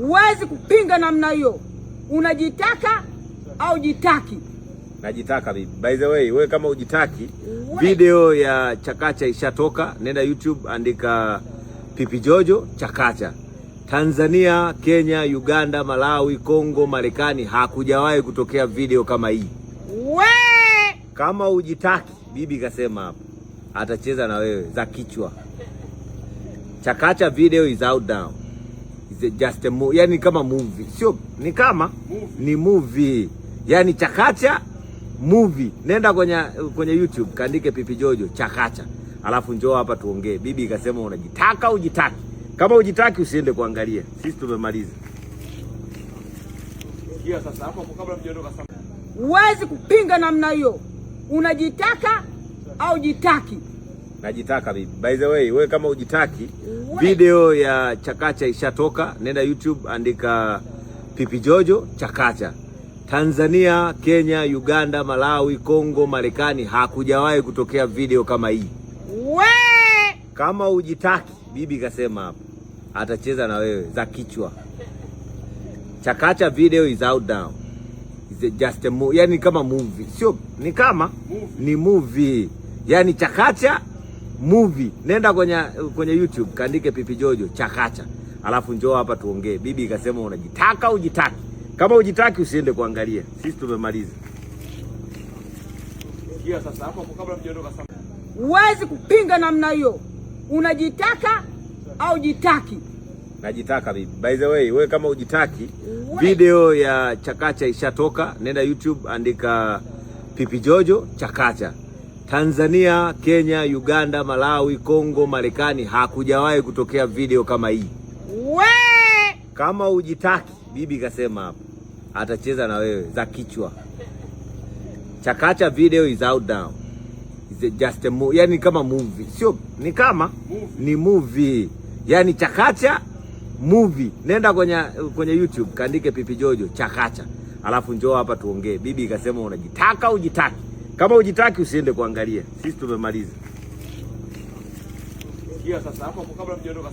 huwezi kupinga namna hiyo, unajitaka au jitaki. Najitaka bibi. By the way, wewe kama ujitaki, video ya Chakacha ishatoka, nenda YouTube andika Pipi Jojo Chakacha. Tanzania, Kenya, Uganda, Malawi, Kongo, Marekani hakujawahi kutokea video kama hii. We! Kama ujitaki, bibi kasema hapo. Atacheza na wewe za kichwa. Chakacha video is out now just a movie. Yani kama movie sio, ni kama movie. Ni movie yani chakacha movie. Nenda kwenye, kwenye YouTube kaandike Pipi Jojo chakacha, alafu njoo hapa tuongee. Bibi ikasema unajitaka ujitaki, kama ujitaki usiende kuangalia, sisi tumemaliza. Huwezi kupinga namna hiyo, unajitaka au jitaki najitaka bibi. By the way, wewe kama ujitaki, video ya chakacha ishatoka, nenda YouTube andika Pipi Jojo chakacha. Tanzania, Kenya, Uganda, Malawi, Kongo, Marekani hakujawahi kutokea video kama hii. We! Kama ujitaki, bibi kasema hapa atacheza na wewe za kichwa. Chakacha video is out now. Is just a movie. Yani kama movie. Sio, ni kama movie. Ni movie. Yani chakacha movie, nenda kwenye kwenye YouTube kaandike Pipi Jojo chakacha, alafu njoo hapa tuongee. Bibi ikasema unajitaka ujitaki, kama ujitaki usiende kuangalia, sisi tumemaliza. Huwezi kupinga namna hiyo, unajitaka au jitaki. Najitaka bibi. By the way, wewe kama ujitaki we. Video ya chakacha ishatoka, nenda YouTube andika Pipi Jojo chakacha Tanzania, Kenya, Uganda, Malawi, Kongo, Marekani hakujawahi kutokea video kama hii. We! Kama hujitaki, bibi kasema hapa atacheza na wewe za kichwa. Chakacha video is out now. Is just a movie. Yani kama movie. Sio, ni kama movie. Ni movie. Yani Chakacha movie. Nenda kwenye kwenye YouTube kaandike Pipi Jojo Chakacha. Alafu njoo hapa tuongee. Bibi ikasema unajitaka ujitaki. Kama hujitaki usiende kuangalia, sisi tumemaliza. sasa hapo kabla